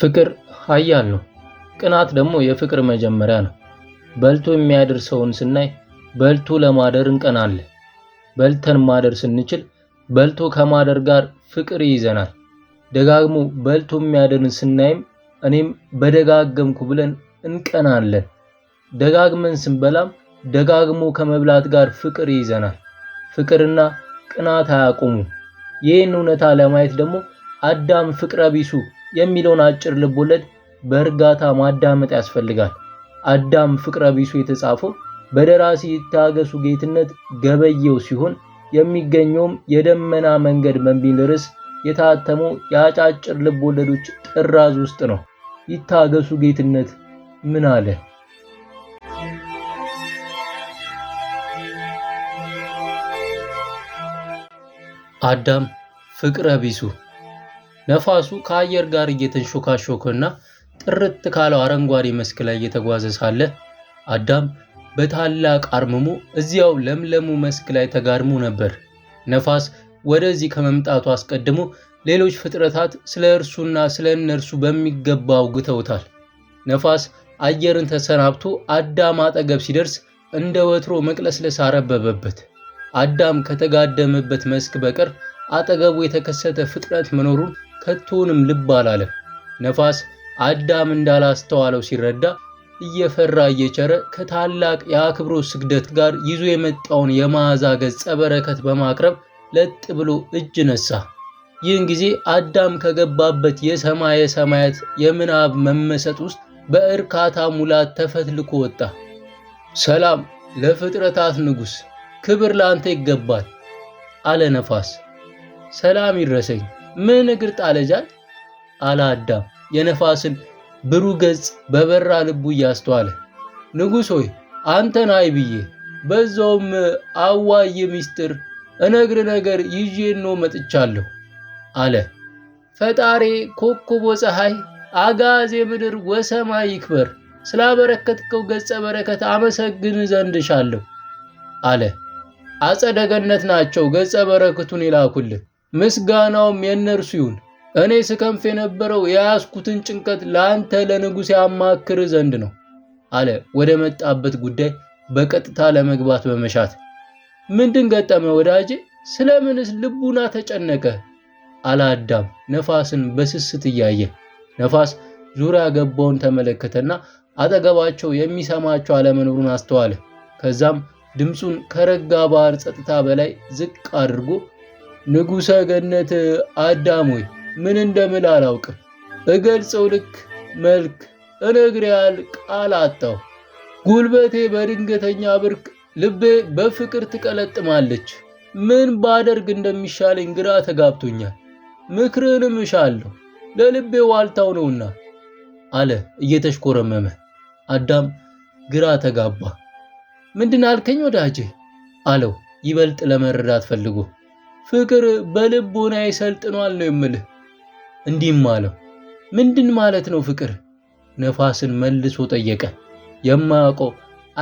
ፍቅር ኃያል ነው። ቅናት ደግሞ የፍቅር መጀመሪያ ነው። በልቶ የሚያድር ሰውን ስናይ በልቶ ለማደር እንቀናለን። በልተን ማደር ስንችል በልቶ ከማደር ጋር ፍቅር ይይዘናል። ደጋግሞ በልቶ የሚያደርን ስናይም እኔም በደጋገምኩ ብለን እንቀናለን። ደጋግመን ስንበላም ደጋግሞ ከመብላት ጋር ፍቅር ይይዘናል። ፍቅርና ቅናት አያቁሙ ይህን እውነታ ለማየት ደግሞ አዳም ፍቅረ ቢሱ የሚለውን አጭር ልቦለድ በእርጋታ ማዳመጥ ያስፈልጋል። አዳም ፍቅረ ቢሱ የተጻፈው በደራሲ ይታገሱ ጌትነት ገበየው ሲሆን የሚገኘውም የደመና መንገድ በሚል ርዕስ የታተመው የአጫጭር ልቦለዶች ጥራዝ ውስጥ ነው። ይታገሱ ጌትነት ምን አለ? አዳም ፍቅረ ቢሱ ነፋሱ ከአየር ጋር እየተንሾካሾከና ጥርት ካለው አረንጓዴ መስክ ላይ እየተጓዘ ሳለ አዳም በታላቅ አርምሞ እዚያው ለምለሙ መስክ ላይ ተጋድሞ ነበር። ነፋስ ወደዚህ ከመምጣቱ አስቀድሞ ሌሎች ፍጥረታት ስለ እርሱና ስለ እነርሱ በሚገባ አውግተውታል። ነፋስ አየርን ተሰናብቶ አዳም አጠገብ ሲደርስ እንደ ወትሮ መቅለስለስ አረበበበት። አዳም ከተጋደመበት መስክ በቀር አጠገቡ የተከሰተ ፍጥረት መኖሩን ከቶንም ልብ አላለም። ነፋስ አዳም እንዳላስተዋለው ሲረዳ እየፈራ እየቸረ ከታላቅ የአክብሮት ስግደት ጋር ይዞ የመጣውን የመዓዛ ገጸ በረከት በማቅረብ ለጥ ብሎ እጅ ነሳ። ይህን ጊዜ አዳም ከገባበት የሰማየ ሰማያት የምናብ መመሰጥ ውስጥ በእርካታ ሙላት ተፈትልኮ ወጣ። ሰላም ለፍጥረታት ንጉሥ፣ ክብር ላንተ ይገባል አለ ነፋስ። ሰላም ይድረሰኝ ምን እግር ጣለጃል አለ አዳም የነፋስን ብሩህ ገጽ በበራ ልቡ እያስተዋለ። ንጉሥ ሆይ አንተን አይ ብዬ በዛውም አዋዬ ሚስጥር እነግር ነገር ይዤ ነው መጥቻለሁ አለ። ፈጣሬ ኮከቦ ፀሐይ አጋዜ ምድር ወሰማይ ይክበር ስላበረከትከው ገጸ በረከት አመሰግን ዘንድ አለ። አጸደ ገነት ናቸው ገጸ በረከቱን ይላኩልህ። ምስጋናውም የእነርሱ ይሁን። እኔ ስከንፍ የነበረው የያዝኩትን ጭንቀት ለአንተ ለንጉሥ ያማክር ዘንድ ነው አለ። ወደ መጣበት ጉዳይ በቀጥታ ለመግባት በመሻት ምንድን ገጠመ ወዳጄ? ስለምንስ ልቡና ተጨነቀ? አላዳም ነፋስን በስስት እያየ። ነፋስ ዙሪያ ገባውን ተመለከተና አጠገባቸው የሚሰማቸው አለመኖሩን አስተዋለ። ከዛም ድምፁን ከረጋ ባህር ጸጥታ በላይ ዝቅ አድርጎ ንጉሠ ገነት አዳም ሆይ ምን እንደምል አላውቅም። እገልጸው ልክ መልክ እነግር ያል ቃል አጣሁ። ጉልበቴ በድንገተኛ ብርቅ፣ ልቤ በፍቅር ትቀለጥማለች። ምን ባደርግ እንደሚሻለኝ ግራ ተጋብቶኛል። ምክርህንም እሻለሁ ለልቤ ዋልታው ነውና አለ እየተሽኮረመመ። አዳም ግራ ተጋባ። ምንድን አልከኝ ወዳጄ አለው ይበልጥ ለመረዳት ፈልጎ ፍቅር በልቦና ይሰልጥኗል ነው የምልህ። እንዲህም አለው፣ ምንድን ማለት ነው ፍቅር? ነፋስን መልሶ ጠየቀ። የማያውቀው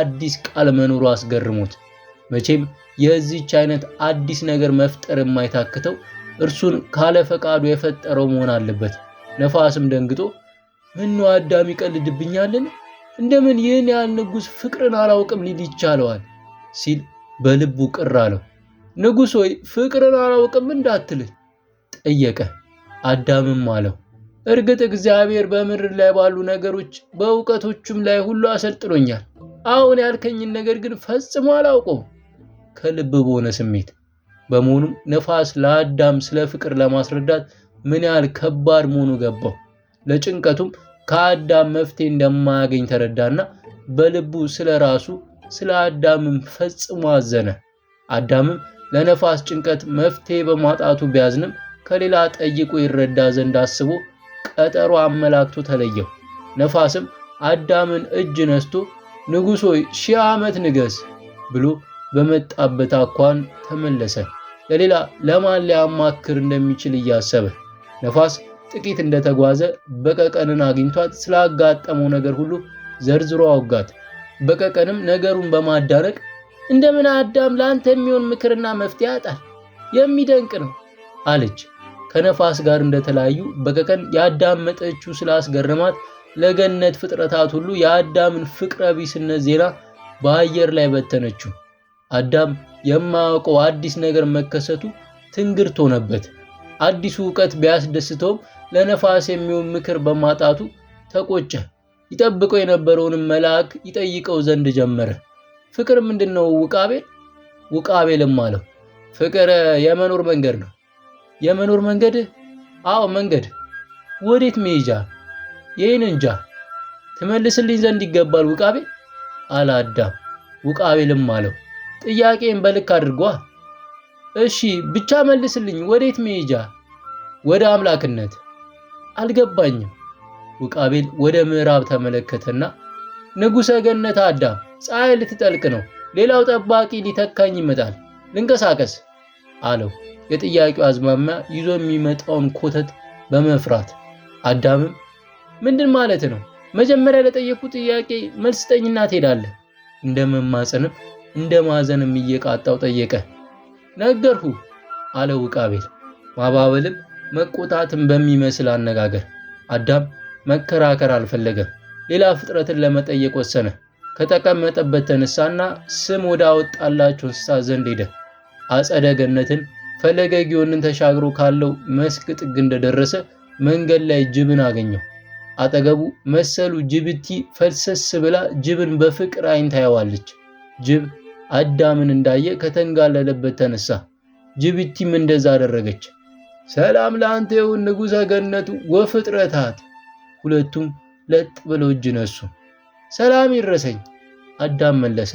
አዲስ ቃል መኖሩ አስገርሞት፣ መቼም የዚች አይነት አዲስ ነገር መፍጠር የማይታክተው እርሱን ካለ ፈቃዱ የፈጠረው መሆን አለበት። ነፋስም ደንግጦ ምን ነው አዳም ይቀልድብኛልን? እንደምን ይህን ያህል ንጉሥ ፍቅርን አላውቅም ሊል ይቻለዋል? ሲል በልቡ ቅር አለው። ንጉሥ ሆይ ፍቅርን አላውቅም እንዳትል ጠየቀ። አዳምም አለው እርግጥ እግዚአብሔር በምድር ላይ ባሉ ነገሮች በእውቀቶቹም ላይ ሁሉ አሰልጥኖኛል። አሁን ያልከኝን ነገር ግን ፈጽሞ አላውቀውም ከልብ በሆነ ስሜት። በመሆኑም ነፋስ ለአዳም ስለ ፍቅር ለማስረዳት ምን ያህል ከባድ መሆኑ ገባው። ለጭንቀቱም ከአዳም መፍትሄ እንደማያገኝ ተረዳና በልቡ ስለ ራሱ ስለ አዳምም ፈጽሞ አዘነ። አዳምም ለነፋስ ጭንቀት መፍትሄ በማጣቱ ቢያዝንም ከሌላ ጠይቆ ይረዳ ዘንድ አስቦ ቀጠሮ አመላክቶ ተለየው። ነፋስም አዳምን እጅ ነስቶ ንጉሥ ሆይ ሺህ ዓመት ንገስ ብሎ በመጣበት አኳን ተመለሰ። ለሌላ ለማን ሊያማክር እንደሚችል እያሰበ ነፋስ ጥቂት እንደተጓዘ በቀቀንን አግኝቷት ስላጋጠመው ነገር ሁሉ ዘርዝሮ አውጋት። በቀቀንም ነገሩን በማዳረቅ እንደምን አዳም ለአንተ የሚሆን ምክርና መፍትሄ ያጣል፣ የሚደንቅ ነው አለች። ከነፋስ ጋር እንደተለያዩ በቀቀን ያዳመጠችው ስላስገረማት ለገነት ፍጥረታት ሁሉ የአዳምን ፍቅረ ቢስነት ዜና በአየር ላይ በተነችው። አዳም የማያውቀው አዲስ ነገር መከሰቱ ትንግርት ሆነበት። አዲሱ እውቀት ቢያስደስተውም ለነፋስ የሚሆን ምክር በማጣቱ ተቆጨ። ይጠብቀው የነበረውንም መልአክ ይጠይቀው ዘንድ ጀመረ። ፍቅር ምንድን ነው? ውቃቤ ውቃቤልም አለው። ፍቅር የመኖር መንገድ ነው። የመኖር መንገድ? አዎ መንገድ። ወዴት መሄጃ? ይህን እንጃ። ትመልስልኝ ዘንድ ይገባል ውቃቤ አለ አዳም። ውቃቤልም አለው ጥያቄን በልክ አድርጓ። እሺ ብቻ መልስልኝ፣ ወዴት መሄጃ? ወደ አምላክነት። አልገባኝም። ውቃቤል ወደ ምዕራብ ተመለከተና ንጉሠ ገነት አዳም ፀሐይ ልትጠልቅ ነው። ሌላው ጠባቂ ሊተካኝ ይመጣል። ልንቀሳቀስ አለው። የጥያቄው አዝማሚያ ይዞ የሚመጣውን ኮተት በመፍራት አዳምም ምንድን ማለት ነው? መጀመሪያ ለጠየቁ ጥያቄ መልስ ጠኝና ትሄዳለህ። እንደ መማፀንም እንደ ማዘንም እየቃጣው ጠየቀ። ነገርሁ አለ ውቃቤል ማባበልም መቆጣትን በሚመስል አነጋገር። አዳም መከራከር አልፈለገም። ሌላ ፍጥረትን ለመጠየቅ ወሰነ። ከተቀመጠበት ተነሳና ስም ወደ አወጣላቸው እንስሳ ዘንድ ሄደ። አጸደ ገነትን ፈለገ ጊዮንን ተሻግሮ ካለው መስክ ጥግ እንደደረሰ መንገድ ላይ ጅብን አገኘው። አጠገቡ መሰሉ ጅብቲ ፈልሰስ ብላ ጅብን በፍቅር አይን ታየዋለች። ጅብ አዳምን እንዳየ ከተንጋለለበት ተነሳ። ጅብቲም እንደዛ አደረገች። ሰላም ለአንተ ይሁን ንጉሠ ገነቱ ወፍጥረታት። ሁለቱም ለጥ ብለው እጅ ነሱ። ሰላም ይድረሰኝ አዳም መለሰ።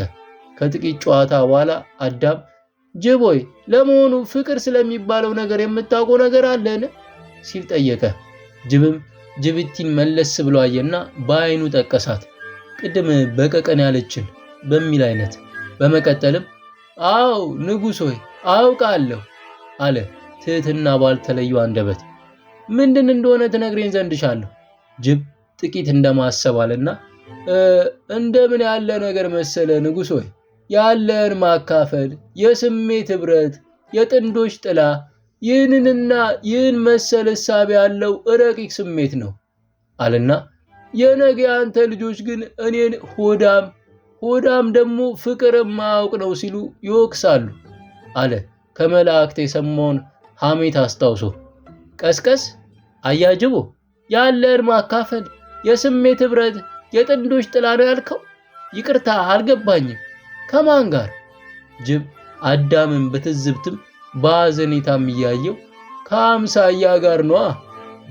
ከጥቂት ጨዋታ በኋላ አዳም ጅብ ለመሆኑ ፍቅር ስለሚባለው ነገር የምታውቀው ነገር አለን ሲል ጠየቀ። ጅብም ጅብቲን መለስ ብሎ አየና በአይኑ ጠቀሳት። ቅድም በቀቀን ያለችን በሚል አይነት። በመቀጠልም አው ንጉሥ ሆይ አውቃለሁ አለ ትህትና ባልተለዩ አንደበት። ምንድን እንደሆነ ትነግሬን ዘንድ ሻለሁ። ጅብ ጥቂት እንደማሰብ አለና እንደምን ያለ ነገር መሰለ ንጉሥ ሆይ ያለን ማካፈል፣ የስሜት ኅብረት፣ የጥንዶች ጥላ ይህንንና ይህን መሰል እሳቢ ያለው ረቂቅ ስሜት ነው አለና የነገ አንተ ልጆች ግን እኔን ሆዳም ሆዳም ደግሞ ፍቅር ማያውቅ ነው ሲሉ ይወቅሳሉ አለ ከመላእክት የሰማውን ሐሜት አስታውሶ። ቀስቀስ አያጅቦ ያለን ማካፈል የስሜት ኅብረት የጥንዶች ጥላ ነው ያልከው? ይቅርታ አልገባኝም። ከማን ጋር? ጅብ አዳምን በትዝብትም በአዘኔታም እያየው ከአምሳያ ጋር ነዋ።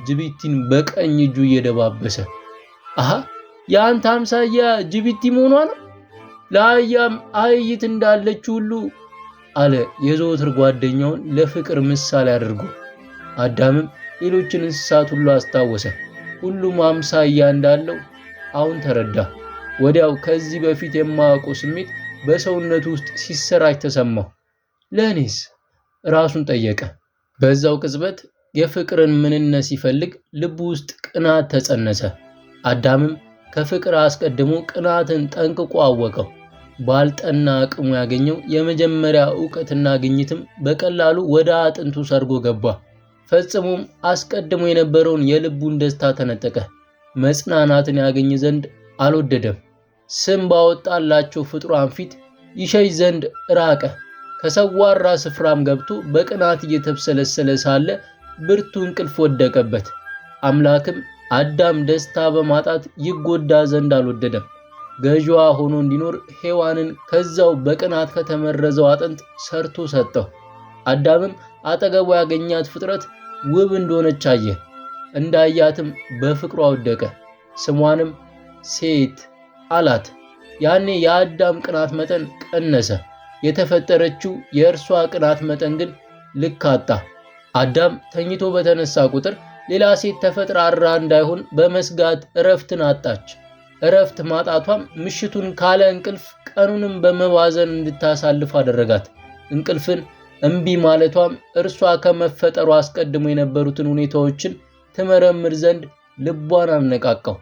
ጅቢቲን በቀኝ እጁ እየደባበሰ አሃ የአንተ አምሳያ ጅቢቲ መሆኗ ነው። ለአህያም አህይት እንዳለች ሁሉ አለ የዘወትር ጓደኛውን ለፍቅር ምሳሌ አድርጎ። አዳምም ሌሎችን እንስሳት ሁሉ አስታወሰ። ሁሉም አምሳያ እንዳለው አሁን ተረዳ! ወዲያው ከዚህ በፊት የማያውቀው ስሜት በሰውነቱ ውስጥ ሲሰራጭ ተሰማው! ለእኔስ? ራሱን ጠየቀ። በዛው ቅጽበት የፍቅርን ምንነት ሲፈልግ ልቡ ውስጥ ቅናት ተጸነሰ። አዳምም ከፍቅር አስቀድሞ ቅናትን ጠንቅቆ አወቀው። ባልጠና አቅሙ ያገኘው የመጀመሪያ እውቀትና ግኝትም በቀላሉ ወደ አጥንቱ ሰርጎ ገባ። ፈጽሞም አስቀድሞ የነበረውን የልቡን ደስታ ተነጠቀ። መጽናናትን ያገኝ ዘንድ አልወደደም። ስም ባወጣላቸው ፍጡራን ፊት ይሸሽ ዘንድ ራቀ። ከሰዋራ ስፍራም ገብቶ በቅናት እየተብሰለሰለ ሳለ ብርቱ እንቅልፍ ወደቀበት። አምላክም አዳም ደስታ በማጣት ይጎዳ ዘንድ አልወደደም። ገዥዋ ሆኖ እንዲኖር ሔዋንን ከዛው በቅናት ከተመረዘው አጥንት ሰርቶ ሰጠው። አዳምም አጠገቡ ያገኛት ፍጥረት ውብ እንደሆነች አየ። እንዳያትም በፍቅሩ አወደቀ። ስሟንም ሴት አላት። ያኔ የአዳም ቅናት መጠን ቀነሰ። የተፈጠረችው የእርሷ ቅናት መጠን ግን ልክ አጣ። አዳም ተኝቶ በተነሳ ቁጥር ሌላ ሴት ተፈጥራራ እንዳይሆን በመስጋት እረፍትን አጣች። እረፍት ማጣቷም ምሽቱን ካለ እንቅልፍ ቀኑንም በመባዘን እንድታሳልፍ አደረጋት። እንቅልፍን እምቢ ማለቷም እርሷ ከመፈጠሩ አስቀድሞ የነበሩትን ሁኔታዎችን ትመረምር ዘንድ ልቧን አነቃቃው።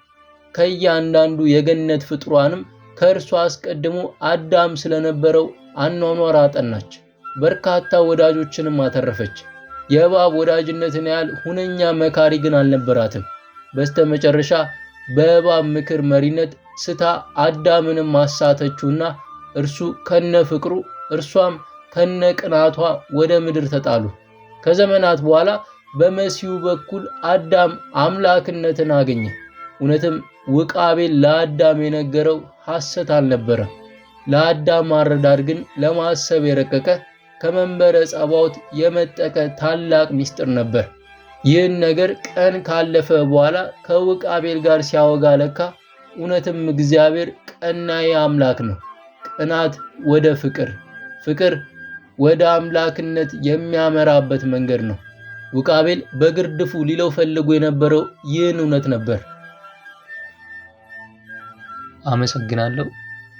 ከእያንዳንዱ የገነት ፍጥሯንም ከእርሷ አስቀድሞ አዳም ስለነበረው አኗኗር አጠናች። በርካታ ወዳጆችንም አተረፈች። የእባብ ወዳጅነትን ያህል ሁነኛ መካሪ ግን አልነበራትም። በስተመጨረሻ በእባብ ምክር መሪነት ስታ አዳምንም አሳተችውና እርሱ ከነ ፍቅሩ እርሷም ከነ ቅናቷ ወደ ምድር ተጣሉ። ከዘመናት በኋላ በመሲሁ በኩል አዳም አምላክነትን አገኘ። እውነትም ውቃቤል ለአዳም የነገረው ሐሰት አልነበረም። ለአዳም ማረዳድ ግን ለማሰብ የረቀቀ ከመንበረ ጸባዖት የመጠቀ ታላቅ ምስጢር ነበር። ይህን ነገር ቀን ካለፈ በኋላ ከውቃቤል ጋር ሲያወጋ ለካ እውነትም እግዚአብሔር ቀናይ አምላክ ነው። ቅናት ወደ ፍቅር፣ ፍቅር ወደ አምላክነት የሚያመራበት መንገድ ነው። ውቃቤል በግርድፉ ሊለው ፈልጎ የነበረው ይህን እውነት ነበር። አመሰግናለሁ።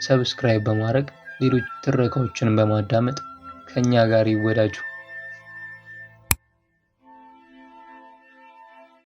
ሰብስክራይብ በማድረግ ሌሎች ትረካዎችን በማዳመጥ ከኛ ጋር ይወዳጁ።